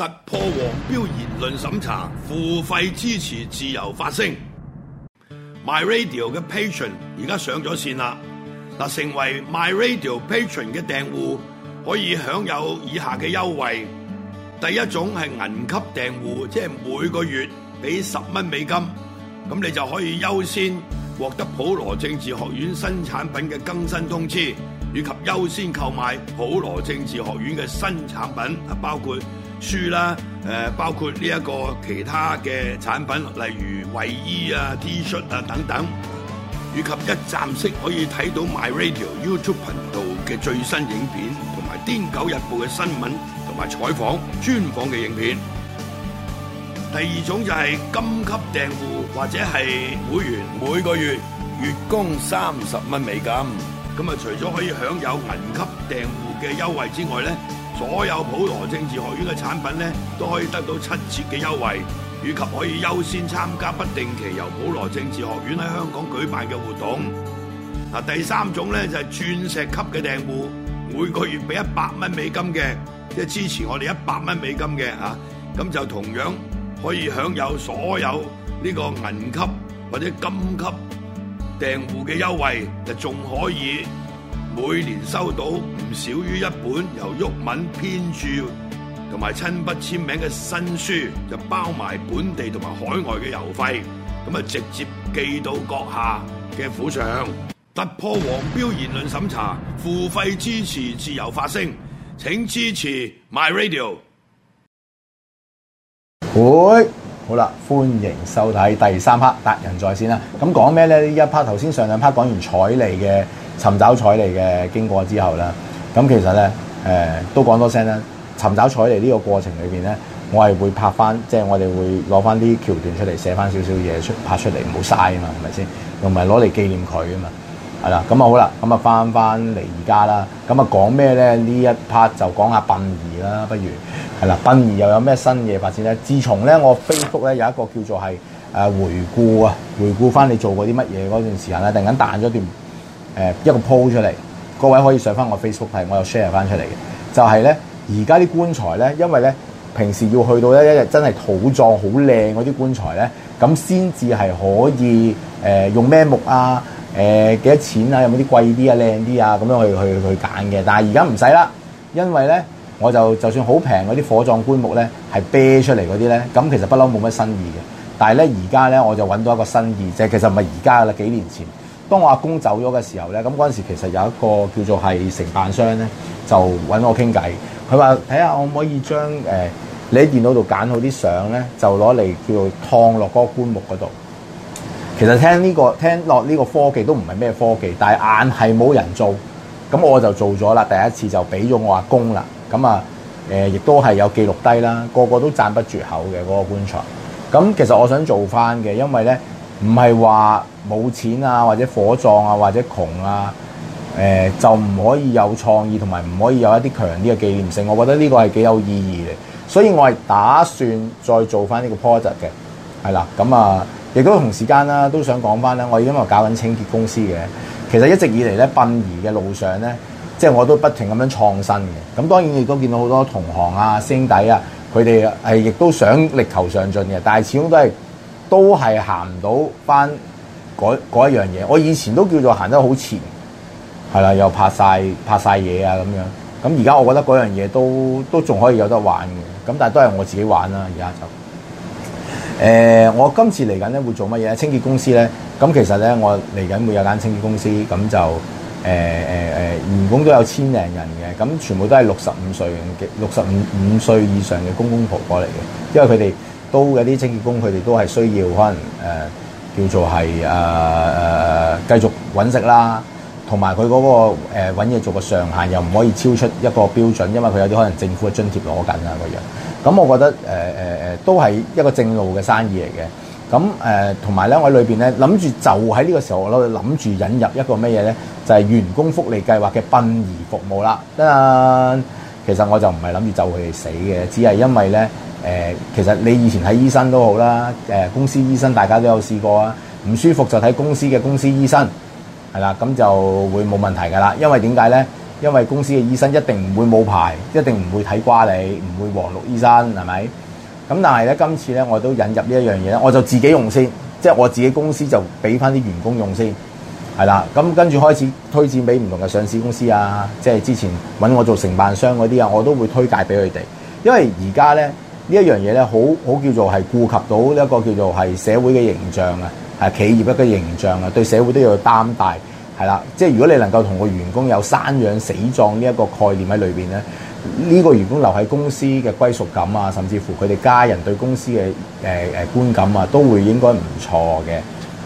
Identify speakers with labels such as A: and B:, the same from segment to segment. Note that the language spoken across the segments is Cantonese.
A: 突破黃標言論審查，付費支持自由發聲。MyRadio 嘅 Patron 而家上咗線啦！嗱，成為 MyRadio Patron 嘅訂戶可以享有以下嘅優惠。第一種係銀級訂戶，即係每個月俾十蚊美金，咁你就可以優先獲得普羅政治學院新產品嘅更新通知，以及優先購買普羅政治學院嘅新產品，啊，包括，書啦，誒包括呢一個其他嘅產品，例如衞衣啊、T 恤啊等等，以及一站式可以睇到 My Radio YouTube 頻道嘅最新影片，同埋《癲狗日報》嘅新聞同埋採訪專訪嘅影片。第二種就係金級訂戶或者係會員，每個月月供三十蚊美金。咁啊，除咗可以享有銀級訂戶嘅優惠之外咧。所有普羅政治學院嘅產品咧，都可以得到七折嘅優惠，以及可以優先參加不定期由普羅政治學院喺香港舉辦嘅活動。嗱、啊，第三種咧就係、是、鑽石級嘅訂戶，每個月俾一百蚊美金嘅，即、就、係、是、支持我哋一百蚊美金嘅啊，咁就同樣可以享有所有呢個銀級或者金級訂戶嘅優惠，就仲可以。每年收到唔少於一本由毓民編著同埋親筆簽名嘅新書，就包埋本地同埋海外嘅郵費，咁啊直接寄到閣下嘅府上。突破黃標言論審查，付費支持自由發聲，請支持 My Radio。
B: 好，好啦，歡迎收睇第三 part 達仁在線啦。咁講咩咧？呢一 part 頭先上兩 part 講完彩利嘅。尋找彩嚟嘅經過之後咧，咁其實咧誒、呃、都講多聲啦。尋找彩嚟呢個過程裏邊咧，我係會拍翻，即係我哋會攞翻啲橋段出嚟寫翻少少嘢出拍出嚟，唔好嘥啊嘛，係咪先？同埋攞嚟紀念佢啊嘛，係啦。咁啊好啦，咁啊翻翻嚟而家啦。咁啊講咩咧？呢一 part 就講下殯儀啦，不如係啦。殯儀又有咩新嘢發展咧？自從咧我 Facebook 咧有一個叫做係誒回顧啊，回顧翻你做過啲乜嘢嗰段時間咧，突然間彈咗段。誒一個鋪出嚟，各位可以上翻我 Facebook 睇，我有 share 翻出嚟嘅，就係咧而家啲棺材咧，因為咧平時要去到咧一日真係土葬好靚嗰啲棺材咧，咁先至係可以誒、呃、用咩木啊誒幾、呃、多錢啊，有冇啲貴啲啊靚啲啊咁樣去去去揀嘅。但係而家唔使啦，因為咧我就就算好平嗰啲火葬棺木咧係啤出嚟嗰啲咧，咁其實不嬲冇乜新意嘅。但係咧而家咧我就揾到一個新意，即係其實唔係而家啦，幾年前。當我阿公走咗嘅時候咧，咁嗰陣時其實有一個叫做係承辦商咧，就揾我傾偈。佢、呃、話：睇下我可唔可以將誒你喺電腦度揀好啲相咧，就攞嚟叫做燙落嗰個棺木嗰度。其實聽呢、呢個聽落呢個科技都唔係咩科技，但係硬係冇人做，咁我就做咗啦。第一次就俾咗我阿公啦。咁啊誒，亦、呃、都係有記錄低啦。個個都讚不絕口嘅嗰、嗰個棺材。咁其實我想做翻嘅，因為咧。唔係話冇錢啊，或者火葬啊，或者窮啊，誒、呃、就唔可以有創意，同埋唔可以有一啲強啲嘅紀念性。我覺得呢個係幾有意義嘅，所以我係打算再做翻呢個 project 嘅，係啦，咁啊，亦都同時間啦、啊，都想講翻咧。我已經搞緊清潔公司嘅，其實一直以嚟咧，殯儀嘅路上咧，即、就、係、是、我都不停咁樣創新嘅。咁當然亦都見到好多同行啊、師兄弟啊，佢哋係亦都想力求上進嘅，但係始終都係。都係行唔到翻嗰一樣嘢。我以前都叫做行得好前，係啦，又拍晒，拍晒嘢啊咁樣。咁而家我覺得嗰樣嘢都都仲可以有得玩嘅。咁但係都係我自己玩啦。而家就誒、呃，我今次嚟緊咧會做乜嘢啊？清潔公司咧，咁其實咧我嚟緊會有間清潔公司，咁就誒誒誒，員工都有千零人嘅，咁全部都係六十五歲嘅六十五五歲以上嘅公公婆婆嚟嘅，因為佢哋。都有啲清潔工，佢哋都係需要可能誒、呃、叫做係誒誒繼續揾食啦，同埋佢嗰個誒揾嘢做嘅上限又唔可以超出一個標準，因為佢有啲可能政府嘅津貼攞緊啊個樣。咁我覺得誒誒誒都係一個正路嘅生意嚟嘅。咁誒同埋咧，我喺裏邊咧諗住就喺呢個時候我諗住引入一個咩嘢咧，就係、是、員工福利計劃嘅殯儀服務啦、呃呃。其實我就唔係諗住就佢哋死嘅，只係因為咧。誒，其實你以前睇醫生都好啦，誒公司醫生大家都有試過啊，唔舒服就睇公司嘅公司醫生，係啦，咁就會冇問題㗎啦。因為點解呢？因為公司嘅醫生一定唔會冇牌，一定唔會睇瓜你，唔會黃綠醫生係咪？咁但係呢，今次呢，我都引入呢一樣嘢咧，我就自己用先，即係我自己公司就俾翻啲員工用先，係啦。咁跟住開始推薦俾唔同嘅上市公司啊，即係之前揾我做承辦商嗰啲啊，我都會推介俾佢哋，因為而家呢。呢一樣嘢咧，好好叫做係顧及到一個叫做係社會嘅形象啊，係企業一個形象啊，對社會都要擔大係啦。即係如果你能夠同個員工有生養死葬呢一個概念喺裏邊咧，呢個員工留喺公司嘅歸屬感啊，甚至乎佢哋家人對公司嘅誒誒觀感啊，都會應該唔錯嘅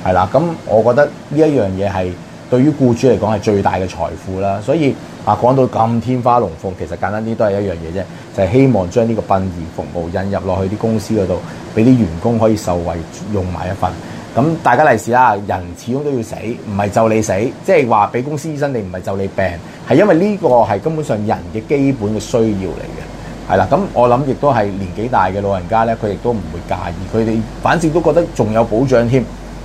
B: 係啦。咁我覺得呢一樣嘢係。對於僱主嚟講係最大嘅財富啦，所以啊講到咁天花龍鳳，其實簡單啲都係一樣嘢啫，就係希望將呢個殯儀服務引入落去啲公司嗰度，俾啲員工可以受惠用埋一份。咁大家利是啦，人始終都要死，唔係咒你死，即係話俾公司醫生你唔係咒你病，係因為呢個係根本上人嘅基本嘅需要嚟嘅，係啦。咁我諗亦都係年紀大嘅老人家呢，佢亦都唔會介意，佢哋反正都覺得仲有保障添。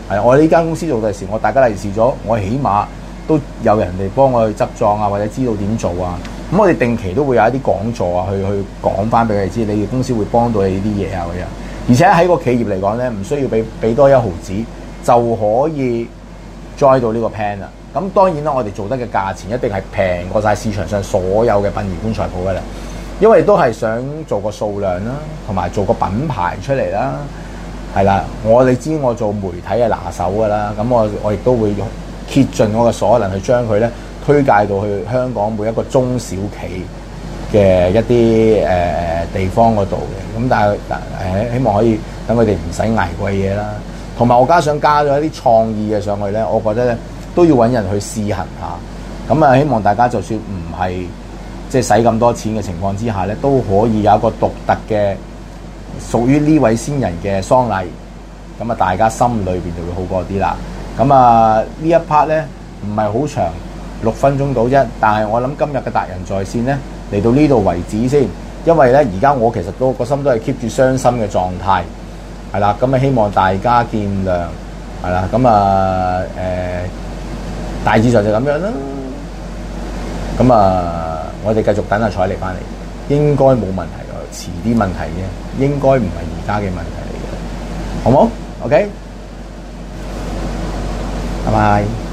B: 係我喺呢間公司做嘅時，我大家嚟試咗，我起碼都有人哋幫我去執葬啊，或者知道點做啊。咁我哋定期都會有一啲講座啊，去去講翻俾佢哋知，你哋公司會幫到你啲嘢啊咁樣。而且喺個企業嚟講呢，唔需要俾俾多一毫子就可以 join 到呢個 plan 啦。咁當然啦，我哋做得嘅價錢一定係平過晒市場上所有嘅殯儀棺材鋪嘅啦，因為都係想做個數量啦，同埋做個品牌出嚟啦。係啦，我哋知我做媒體係拿手㗎啦，咁我我亦都會用竭盡我嘅所能去將佢咧推介到去香港每一個中小企嘅一啲誒、呃、地方嗰度嘅，咁但係但、欸、希望可以等佢哋唔使捱貴嘢啦，同埋我加上加咗一啲創意嘅上去咧，我覺得咧都要搵人去試行下，咁啊希望大家就算唔係即係使咁多錢嘅情況之下咧，都可以有一個獨特嘅屬於呢位先人嘅喪禮，咁啊，大家心裏邊就會好過啲啦。咁啊，一呢一 part 咧唔係好長，六分鐘到啫。但係我諗今日嘅達仁在綫咧嚟到呢度為止先，因為咧而家我其實都個心都係 keep 住傷心嘅狀態，係啦。咁啊，希望大家見諒，係啦。咁啊，誒、呃，大致上就咁樣啦。咁啊，我哋繼續等阿彩嚟翻嚟，應該冇問題。遲啲問題啫，應該唔係而家嘅問題嚟嘅，好冇？OK，
A: 拜拜。